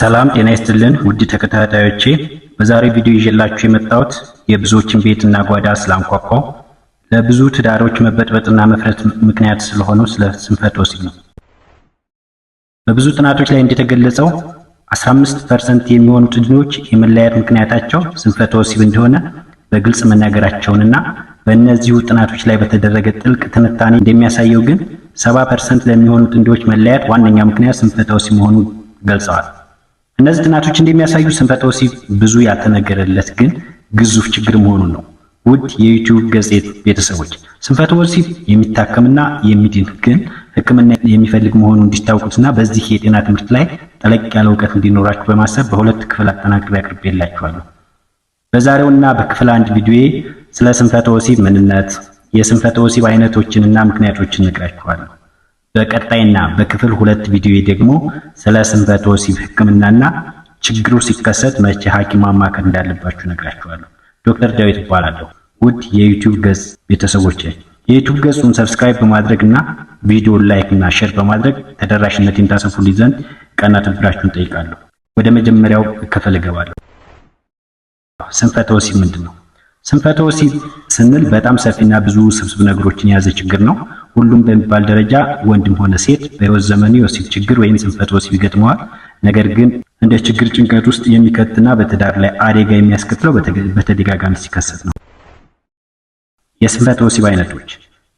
ሰላም ጤና ይስጥልን ውድ ተከታታዮቼ፣ በዛሬው ቪዲዮ ይዤላችሁ የመጣሁት የብዙዎችን ቤትና ጓዳ ስላንኳኳው ለብዙ ትዳሮች መበጥበጥና መፍረት ምክንያት ስለሆነው ስለ ስንፈተ ወሲብ ነው። በብዙ ጥናቶች ላይ እንደተገለጸው 15% የሚሆኑ ዕድሜዎች የመለያየት ምክንያታቸው ስንፈተ ወሲብ እንደሆነ በግልጽ መናገራቸውንና በእነዚሁ ጥናቶች ላይ በተደረገ ጥልቅ ትንታኔ እንደሚያሳየው ግን 70% ለሚሆኑ ጥንዶች መለያየት ዋነኛ ምክንያት ስንፈተ ወሲብ መሆኑን ገልጸዋል። እነዚህ ጥናቶች እንደሚያሳዩ ስንፈተ ወሲብ ብዙ ያልተነገረለት ግን ግዙፍ ችግር መሆኑን ነው። ውድ የዩቲዩብ ገጽ ቤተሰቦች ስንፈተ ወሲብ የሚታከምና የሚድን ግን ሕክምና የሚፈልግ መሆኑ እንዲታውቁትና በዚህ የጤና ትምህርት ላይ ጠለቅ ያለ እውቀት እንዲኖራችሁ በማሰብ በሁለት ክፍል አጠናቅሬ አቅርቤላችኋለሁ። በዛሬውና በክፍል አንድ ቪዲዮዬ ስለ ስንፈተ ወሲብ ምንነት፣ የስንፈተ ወሲብ አይነቶችንና ምክንያቶችን ነግራችኋለሁ። በቀጣይና በክፍል ሁለት ቪዲዮ ደግሞ ስለ ስንፈተ ወሲብ ህክምናና ችግሩ ሲከሰት መቼ ሐኪም ማማከር እንዳለባችሁ ነግራችኋለሁ። ዶክተር ዳዊት እባላለሁ። ውድ የዩቲዩብ ገጽ ቤተሰቦች የዩቲዩብ ገጹን ሰብስክራይብ በማድረግ እና ቪዲዮ ላይክ እና ሼር በማድረግ ተደራሽነትን ታሰፉልኝ ዘንድ ቀና ትብብራችሁን ጠይቃለሁ። ወደ መጀመሪያው ክፍል እገባለሁ። ስንፈተ ወሲብ ምንድን ነው? ስንፈተ ወሲብ ስንል በጣም ሰፊና ብዙ ስብስብ ነገሮችን የያዘ ችግር ነው። ሁሉም በሚባል ደረጃ ወንድም ሆነ ሴት በህይወት ዘመኑ የወሲብ ችግር ወይም ስንፈተ ወሲብ ይገጥመዋል። ነገር ግን እንደ ችግር ጭንቀት ውስጥ የሚከትና በትዳር ላይ አደጋ የሚያስከትለው በተደጋጋሚ ሲከሰት ነው። የስንፈተ ወሲብ አይነቶች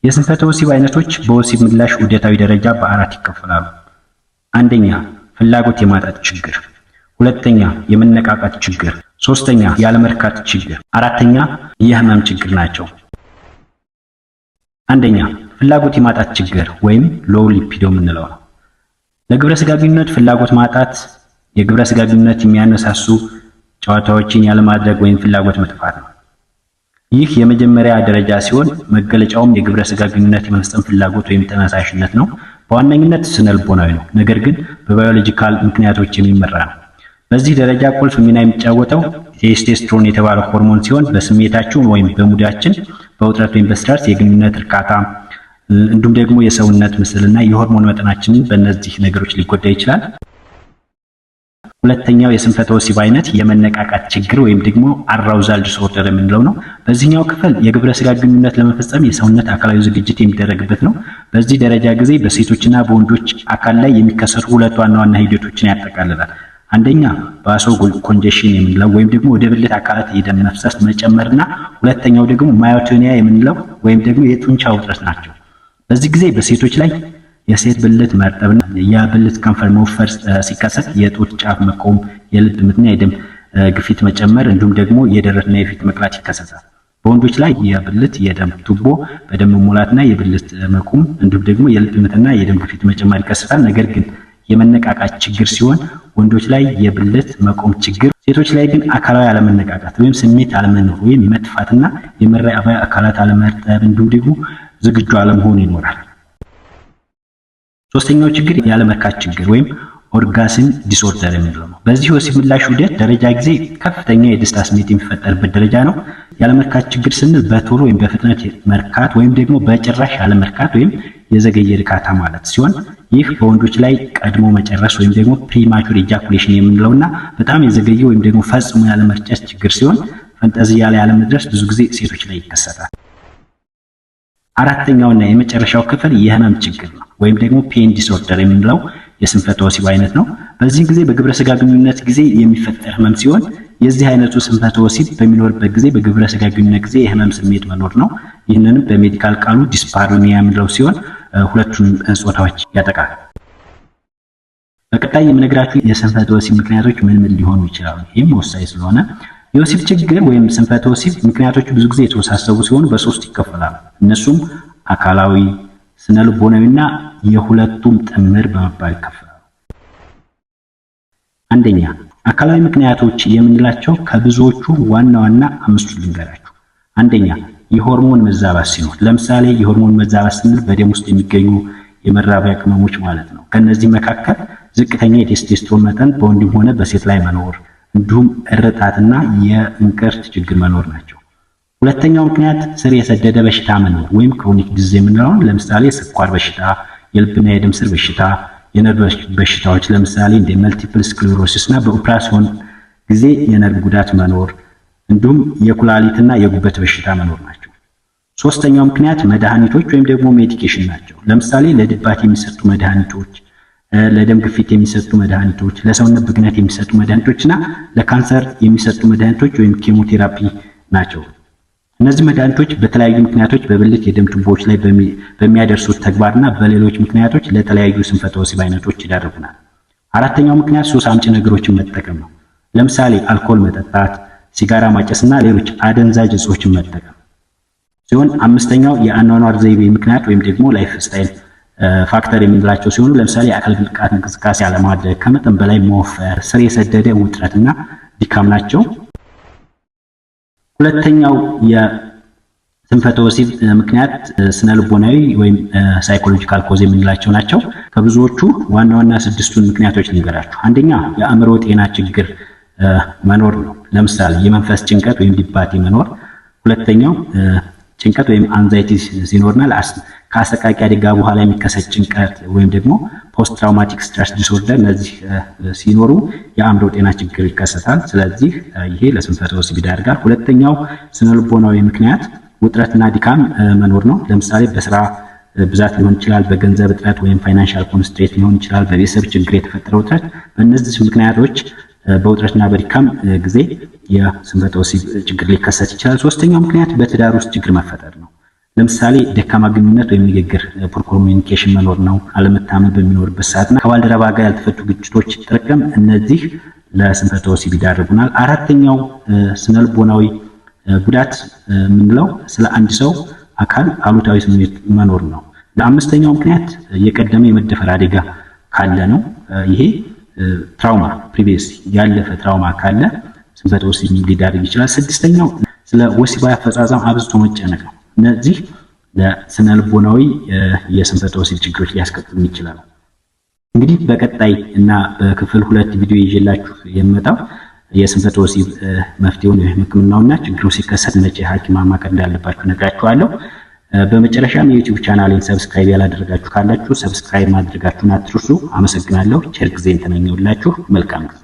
የስንፈተ ወሲብ አይነቶች በወሲብ ምላሽ ውዴታዊ ደረጃ በአራት ይከፈላሉ። አንደኛ ፍላጎት የማጣት ችግር፣ ሁለተኛ የመነቃቃት ችግር፣ ሶስተኛ ያለመርካት ችግር፣ አራተኛ የህመም ችግር ናቸው። አንደኛ ፍላጎት የማጣት ችግር ወይም ሎው ሊፒዶ የምንለው ነው። ለግብረ ስጋ ግንኙነት ፍላጎት ማጣት የግብረ ስጋ ግንኙነት የሚያነሳሱ ጨዋታዎችን ያለማድረግ ወይም ፍላጎት መጥፋት ነው። ይህ የመጀመሪያ ደረጃ ሲሆን መገለጫውም የግብረ ስጋ ግንኙነት የመፍጸም ፍላጎት ወይም ተነሳሽነት ነው። በዋነኝነት ስነልቦናዊ ነው፣ ነገር ግን በባዮሎጂካል ምክንያቶች የሚመራ ነው። በዚህ ደረጃ ቁልፍ ሚና የሚጫወተው ቴስቴስትሮን የተባለ ሆርሞን ሲሆን በስሜታችን ወይም በሙዳችን፣ በውጥረት ወይም በስትረስ የግንኙነት እርካታ፣ እንዲሁም ደግሞ የሰውነት ምስልና የሆርሞን መጠናችንን በእነዚህ ነገሮች ሊጎዳ ይችላል። ሁለተኛው የስንፈተ ወሲብ አይነት የመነቃቃት ችግር ወይም ደግሞ አራውዛል ዲስኦርደር የምንለው ነው። በዚህኛው ክፍል የግብረ ስጋ ግንኙነት ለመፈጸም የሰውነት አካላዊ ዝግጅት የሚደረግበት ነው። በዚህ ደረጃ ጊዜ በሴቶችና በወንዶች አካል ላይ የሚከሰቱ ሁለት ዋና ዋና ሂደቶችን ያጠቃልላል። አንደኛ ባሶ ኮንጀሽን የምንለው ወይም ደግሞ ወደ ብልት አካላት የደም መፍሰስ መጨመርና ሁለተኛው ደግሞ ማዮቶኒያ የምንለው ወይም ደግሞ የጡንቻ ውጥረት ናቸው። በዚህ ጊዜ በሴቶች ላይ የሴት ብልት መርጠብና ብልት ከንፈር መወፈር ሲከሰት የጡት ጫፍ መቆም፣ የልብ ምትና የደም ግፊት መጨመር እንዲሁም ደግሞ የደረትና የፊት መቅላት ይከሰታል። በወንዶች ላይ የብልት የደም ቱቦ በደም መሙላትና የብልት መቆም እንዲሁም ደግሞ የልብ ምትና የደም ግፊት መጨመር ይከሰታል። ነገር ግን የመነቃቃት ችግር ሲሆን ወንዶች ላይ የብልት መቆም ችግር፣ ሴቶች ላይ ግን አካላዊ አለመነቃቃት ወይም ስሜት አለመኖር ወይም መጥፋትና የመራቢያ አካላት አለመርጠብ እንዲሁም ደግሞ ዝግጁ አለመሆን ይኖራል። ሶስተኛው ችግር ያለመርካት ችግር ወይም ኦርጋስም ዲስኦርደር የሚለው ነው። በዚህ ወሲብ ምላሽ ዑደት ደረጃ ጊዜ ከፍተኛ የደስታ ስሜት የሚፈጠርበት ደረጃ ነው። ያለመርካት ችግር ስንል በቶሎ ወይም በፍጥነት መርካት ወይም ደግሞ በጭራሽ ያለመርካት ወይም የዘገየ እርካታ ማለት ሲሆን ይህ በወንዶች ላይ ቀድሞ መጨረስ ወይም ደግሞ ፕሪማቹር ኢጃኩሌሽን የምንለውና በጣም የዘገየ ወይም ደግሞ ፈጽሞ ያለመርጨት ችግር ሲሆን ፈንጠዝያ ላይ ያለመድረስ ብዙ ጊዜ ሴቶች ላይ ይከሰታል። አራተኛውና የመጨረሻው ክፍል የህመም ችግር ነው ወይም ደግሞ ፔን ዲስኦርደር የምንለው የስንፈተ ወሲብ አይነት ነው። በዚህ ጊዜ በግብረ ስጋ ግንኙነት ጊዜ የሚፈጠር ህመም ሲሆን የዚህ አይነቱ ስንፈተ ወሲብ በሚኖርበት ጊዜ በግብረ ስጋ ግንኙነት ጊዜ የህመም ስሜት መኖር ነው። ይህንንም በሜዲካል ቃሉ ዲስፓርሚያ የምንለው ሲሆን ሁለቱን ጾታዎች ያጠቃል። በቀጣይ የምነግራችሁ የስንፈተ ወሲብ ምክንያቶች ምን ምን ሊሆኑ ይችላሉ፣ ይህም ወሳኝ ስለሆነ የወሲብ ችግር ወይም ስንፈተ ወሲብ ምክንያቶች ብዙ ጊዜ የተወሳሰቡ ሲሆኑ በሶስት ይከፈላሉ። እነሱም አካላዊ፣ ስነ ና የሁለቱም ጥምር በመባል ይከፈላሉ። አንደኛ አካላዊ ምክንያቶች የምንላቸው ከብዙዎቹ ዋና ዋና አምስቱ ልንገራችሁ። አንደኛ የሆርሞን መዛባት ሲኖር፣ ለምሳሌ የሆርሞን መዛባት ስንል በደም ውስጥ የሚገኙ የመራቢያ ቅመሞች ማለት ነው። ከነዚህ መካከል ዝቅተኛ የቴስቴስትሮን መጠን በወንድም ሆነ በሴት ላይ መኖር እንዲሁም እርጣትና የእንቅርት ችግር መኖር ናቸው። ሁለተኛው ምክንያት ስር የሰደደ በሽታ መኖር ወይም ክሮኒክ ዲዚዝ የምንለውን ለምሳሌ ስኳር በሽታ፣ የልብና የደም ስር በሽታ፣ የነርቭ በሽታዎች ለምሳሌ እንደ መልቲፕል ስክሌሮሲስ እና በኦፕራሲዮን ጊዜ የነርቭ ጉዳት መኖር እንዲሁም የኩላሊትና የጉበት በሽታ መኖር ናቸው። ሶስተኛው ምክንያት መድኃኒቶች ወይም ደግሞ ሜዲኬሽን ናቸው። ለምሳሌ ለድባት የሚሰጡ መድኃኒቶች፣ ለደም ግፊት የሚሰጡ መድኃኒቶች፣ ለሰውነት ብግነት የሚሰጡ መድኃኒቶች እና ለካንሰር የሚሰጡ መድኃኒቶች ወይም ኬሞቴራፒ ናቸው። እነዚህ መድኃኒቶች በተለያዩ ምክንያቶች በብልት የደም ቱቦዎች ላይ በሚያደርሱት ተግባርና በሌሎች ምክንያቶች ለተለያዩ ስንፈተ ወሲብ አይነቶች ይዳርጉናል። አራተኛው ምክንያት ሱስ አምጪ ነገሮችን መጠቀም ነው። ለምሳሌ አልኮል መጠጣት፣ ሲጋራ ማጨስና ሌሎች አደንዛዥ እጾችን መጠቀም ሲሆን አምስተኛው የአኗኗር ዘይቤ ምክንያት ወይም ደግሞ ላይፍ ስታይል ፋክተር የምንላቸው ሲሆኑ ለምሳሌ የአካል ብቃት እንቅስቃሴ አለማድረግ፣ ከመጠን በላይ መወፈር፣ ስር የሰደደ ውጥረት እና ድካም ናቸው። ሁለተኛው የስንፈተ ወሲብ ምክንያት ስነልቦናዊ ወይም ሳይኮሎጂካል ኮዝ የምንላቸው ናቸው። ከብዙዎቹ ዋና ዋና ስድስቱን ምክንያቶች ልንገራችሁ። አንደኛ የአእምሮ ጤና ችግር መኖር ነው። ለምሳሌ የመንፈስ ጭንቀት ወይም ዲባቴ መኖር። ሁለተኛው ጭንቀት ወይም አንዛይቲ ሲኖርና ከአሰቃቂ አደጋ በኋላ የሚከሰት ጭንቀት ወይም ደግሞ ፖስት ትራውማቲክ ስትረስ ዲስኦርደር እነዚህ ሲኖሩ የአእምሮ ጤና ችግር ይከሰታል። ስለዚህ ይሄ ለስንፈተ ወሲብ ይዳርጋል። ሁለተኛው ስነልቦናዊ ምክንያት ውጥረትና ድካም መኖር ነው። ለምሳሌ በስራ ብዛት ሊሆን ይችላል፣ በገንዘብ እጥረት ወይም ፋይናንሻል ኮንስትሬት ሊሆን ይችላል፣ በቤተሰብ ችግር የተፈጠረ ውጥረት። በእነዚህ ምክንያቶች በውጥረትና በድካም ጊዜ የስንፈተ ወሲብ ችግር ሊከሰት ይችላል። ሶስተኛው ምክንያት በትዳር ውስጥ ችግር መፈጠር ነው። ለምሳሌ ደካማ ግንኙነት ወይም ንግግር ፖር ኮሚኒኬሽን መኖር ነው። አለመታመን በሚኖርበት ሰዓትና ከባልደረባ ጋር ያልተፈቱ ግጭቶች ጥርቅም፣ እነዚህ ለስንፈተ ወሲብ ይዳርጉናል። አራተኛው ስነልቦናዊ ጉዳት የምንለው ስለ አንድ ሰው አካል አሉታዊ ስሜት መኖር ነው። ለአምስተኛው ምክንያት የቀደመ የመደፈር አደጋ ካለ ነው ይሄ ትራውማ ፕሪቪየስ ያለፈ ትራውማ ካለ ስንፈተ ወሲብ ሊዳርግ ይችላል። ስድስተኛው ስለ ወሲባዊ አፈጻጸም አብዝቶ መጨነቅ ነው። እነዚህ ለስነ ልቦናዊ የስንፈተ ወሲብ ችግሮች ሊያስከትሉ ይችላሉ። እንግዲህ በቀጣይ እና በክፍል ሁለት ቪዲዮ ይዤላችሁ የመጣው የስንፈተ ወሲብ መፍትሄውን፣ ሕክምናውና ችግሩ ሲከሰት መቼ ሐኪም ማማከር እንዳለባችሁ ነግራችኋለሁ። በመጨረሻም የዩቲዩብ ቻናሌን ሰብስክራይብ ያላደረጋችሁ ካላችሁ ሰብስክራይብ ማድረጋችሁን አትርሱ። አመሰግናለሁ። ቸር ጊዜን ተመኘሁላችሁ። መልካም ነው።